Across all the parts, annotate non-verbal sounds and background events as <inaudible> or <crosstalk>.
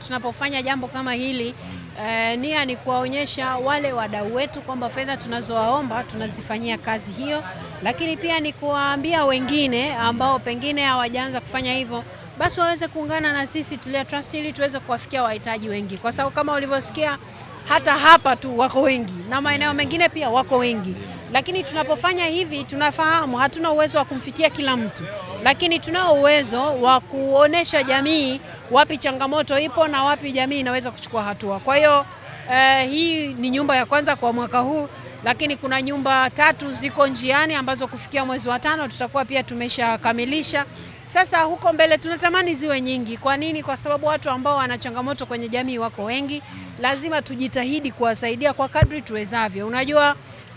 Tunapofanya jambo kama hili eh, nia ni kuwaonyesha wale wadau wetu kwamba fedha tunazowaomba tunazifanyia kazi hiyo, lakini pia ni kuwaambia wengine ambao pengine hawajaanza kufanya hivyo, basi waweze kuungana na sisi Tulia Trust ili tuweze kuwafikia wahitaji wengi, kwa sababu kama ulivyosikia hata hapa tu wako wengi na maeneo mengine pia wako wengi, lakini tunapofanya hivi tunafahamu hatuna uwezo wa kumfikia kila mtu, lakini tunao uwezo wa kuonesha jamii wapi changamoto ipo na wapi jamii inaweza kuchukua hatua. Kwa hiyo eh, hii ni nyumba ya kwanza kwa mwaka huu, lakini kuna nyumba tatu ziko njiani ambazo kufikia mwezi wa tano tutakuwa pia tumeshakamilisha. Sasa huko mbele tunatamani ziwe nyingi. Kwa nini? Kwa sababu watu ambao wana changamoto kwenye jamii wako wengi, lazima tujitahidi kuwasaidia kwa kadri tuwezavyo. Unajua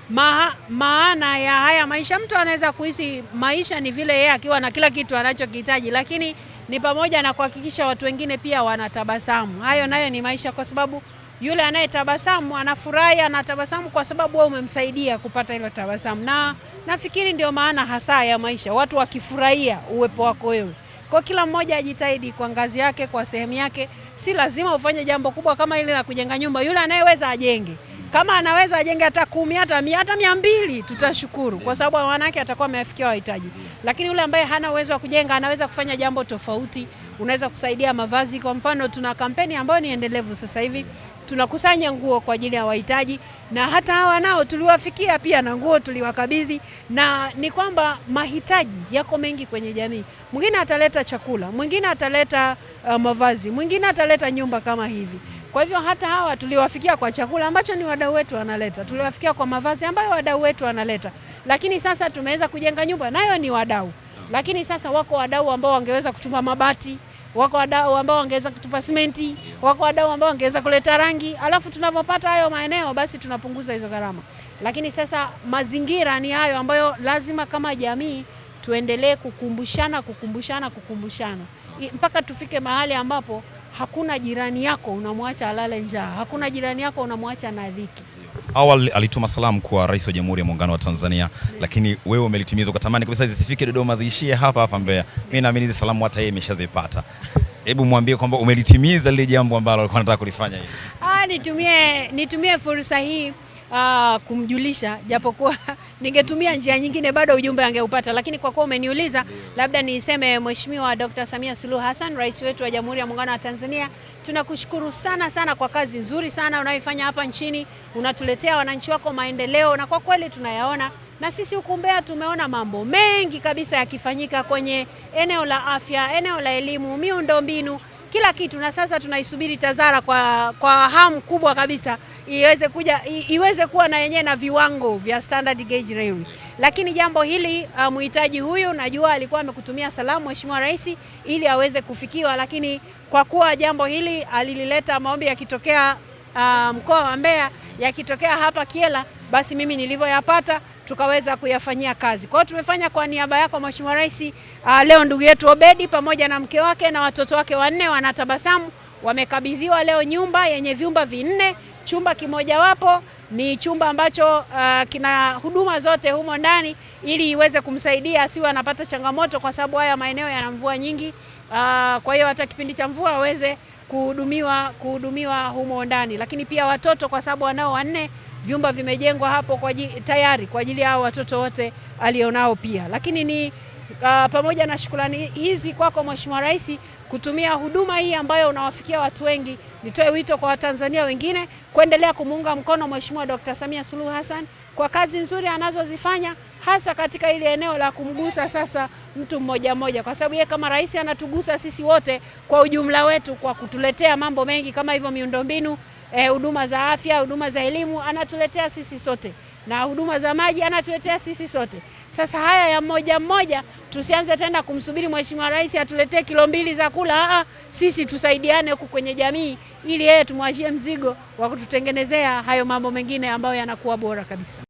ma, maana ya haya maisha. Mtu anaweza kuhisi maisha ni vile yeye akiwa na kila kitu anachokihitaji, lakini ni pamoja na kuhakikisha watu wengine pia wanatabasamu. Hayo nayo ni maisha, kwa sababu yule anayetabasamu anafurahi, anatabasamu kwa sababu wewe umemsaidia kupata hilo tabasamu, na nafikiri ndio maana hasa ya maisha, watu wakifurahia uwepo wako wewe kwa kila mmoja ajitahidi kwa ngazi yake, kwa sehemu yake. Si lazima ufanye jambo kubwa kama ile la kujenga nyumba, yule anayeweza ajenge. Kama anaweza ajenge hata kumi hata mia hata mia mbili tutashukuru, kwa sababu wanawake atakuwa amewafikia wahitaji. Lakini yule ambaye hana uwezo wa kujenga anaweza kufanya jambo tofauti. Unaweza kusaidia mavazi, kwa mfano tuna kampeni ambayo ni endelevu sasa hivi tunakusanya nguo kwa ajili ya wahitaji, na hata hawa nao tuliwafikia pia na nguo tuliwakabidhi. Na ni kwamba mahitaji yako mengi kwenye jamii. Mwingine ataleta chakula, mwingine ataleta uh, mavazi, mwingine ataleta nyumba kama hivi. Kwa hivyo hata hawa tuliwafikia kwa chakula ambacho ni wadau wetu wanaleta, tuliwafikia kwa mavazi ambayo wadau wetu wanaleta, lakini sasa tumeweza kujenga nyumba nayo ni wadau, lakini sasa wako wadau ambao wangeweza kuchuma mabati wako wadau ambao wangeweza kutupa simenti, wako wadau ambao wangeweza kuleta rangi. Alafu tunavyopata hayo maeneo, basi tunapunguza hizo gharama. Lakini sasa mazingira ni hayo ambayo lazima kama jamii tuendelee kukumbushana, kukumbushana, kukumbushana mpaka tufike mahali ambapo hakuna jirani yako unamwacha alale njaa, hakuna jirani yako unamwacha na dhiki. Awali alituma salamu kwa Rais wa Jamhuri ya Muungano wa Tanzania Deo. Lakini wewe umelitimiza, ukatamani kabisa zisifike Dodoma, ziishie hapa hapa Mbeya. Mimi naamini hizi salamu hata yeye imeshazipata. Hebu mwambie kwamba umelitimiza lile jambo ambalo alikuwa anataka kulifanya. Ah, nitumie nitumie fursa hii uh, kumjulisha, japokuwa <laughs> ningetumia njia nyingine bado ujumbe angeupata, lakini kwa kuwa umeniuliza, labda niseme Mheshimiwa Dr. Samia Suluhu Hassan, rais wetu wa Jamhuri ya Muungano wa Tanzania, tunakushukuru sana sana kwa kazi nzuri sana unayoifanya hapa nchini. Unatuletea wananchi wako maendeleo na kwa kweli tunayaona na sisi huku Mbeya tumeona mambo mengi kabisa yakifanyika kwenye eneo la afya, eneo la elimu, miundombinu kila kitu, na sasa tunaisubiri TAZARA kwa, kwa hamu kubwa kabisa iweze kuja iweze kuwa na yenyewe na viwango vya standard gauge rail. Lakini jambo hili uh, mhitaji huyu najua alikuwa amekutumia salamu Mheshimiwa Rais ili aweze kufikiwa, lakini kwa kuwa jambo hili alilileta maombi yakitokea uh, mkoa wa Mbeya yakitokea hapa kiela basi mimi nilivyoyapata tukaweza kuyafanyia kazi. Kwa hiyo tumefanya kwa niaba yako Mheshimiwa Rais. Uh, leo ndugu yetu Obedi pamoja na mke wake na watoto wake wanne wanatabasamu, wamekabidhiwa leo nyumba yenye vyumba vinne, chumba kimojawapo ni chumba ambacho uh, kina huduma zote humo ndani, ili iweze kumsaidia asiwe anapata changamoto, kwa sababu haya maeneo yana mvua nyingi. Uh, kwa hiyo hata kipindi cha mvua aweze kuhudumiwa, kuhudumiwa humo ndani, lakini pia watoto kwa sababu wanao wanne vyumba vimejengwa hapo kwa tayari kwa ajili ya hao watoto wote alionao pia. Lakini ni uh, pamoja na shukrani hizi kwako Mheshimiwa Rais kutumia huduma hii ambayo unawafikia watu wengi, nitoe wito kwa Watanzania wengine kuendelea kumuunga mkono Mheshimiwa Dr. Samia Suluhu Hassan kwa kazi nzuri anazozifanya hasa katika ile eneo la kumgusa sasa mtu mmoja mmoja, kwa sababu yeye kama rais anatugusa sisi wote kwa ujumla wetu kwa kutuletea mambo mengi kama hivyo miundombinu, eh, huduma e, za afya, huduma za elimu anatuletea sisi sote na huduma za maji anatuletea sisi sote. Sasa haya ya mmoja mmoja, tusianze tena kumsubiri mheshimiwa rais atuletee kilo mbili za kula. Aa, ah, ah, sisi tusaidiane huku kwenye jamii, ili yeye tumwachie mzigo wa kututengenezea hayo mambo mengine ambayo yanakuwa bora kabisa.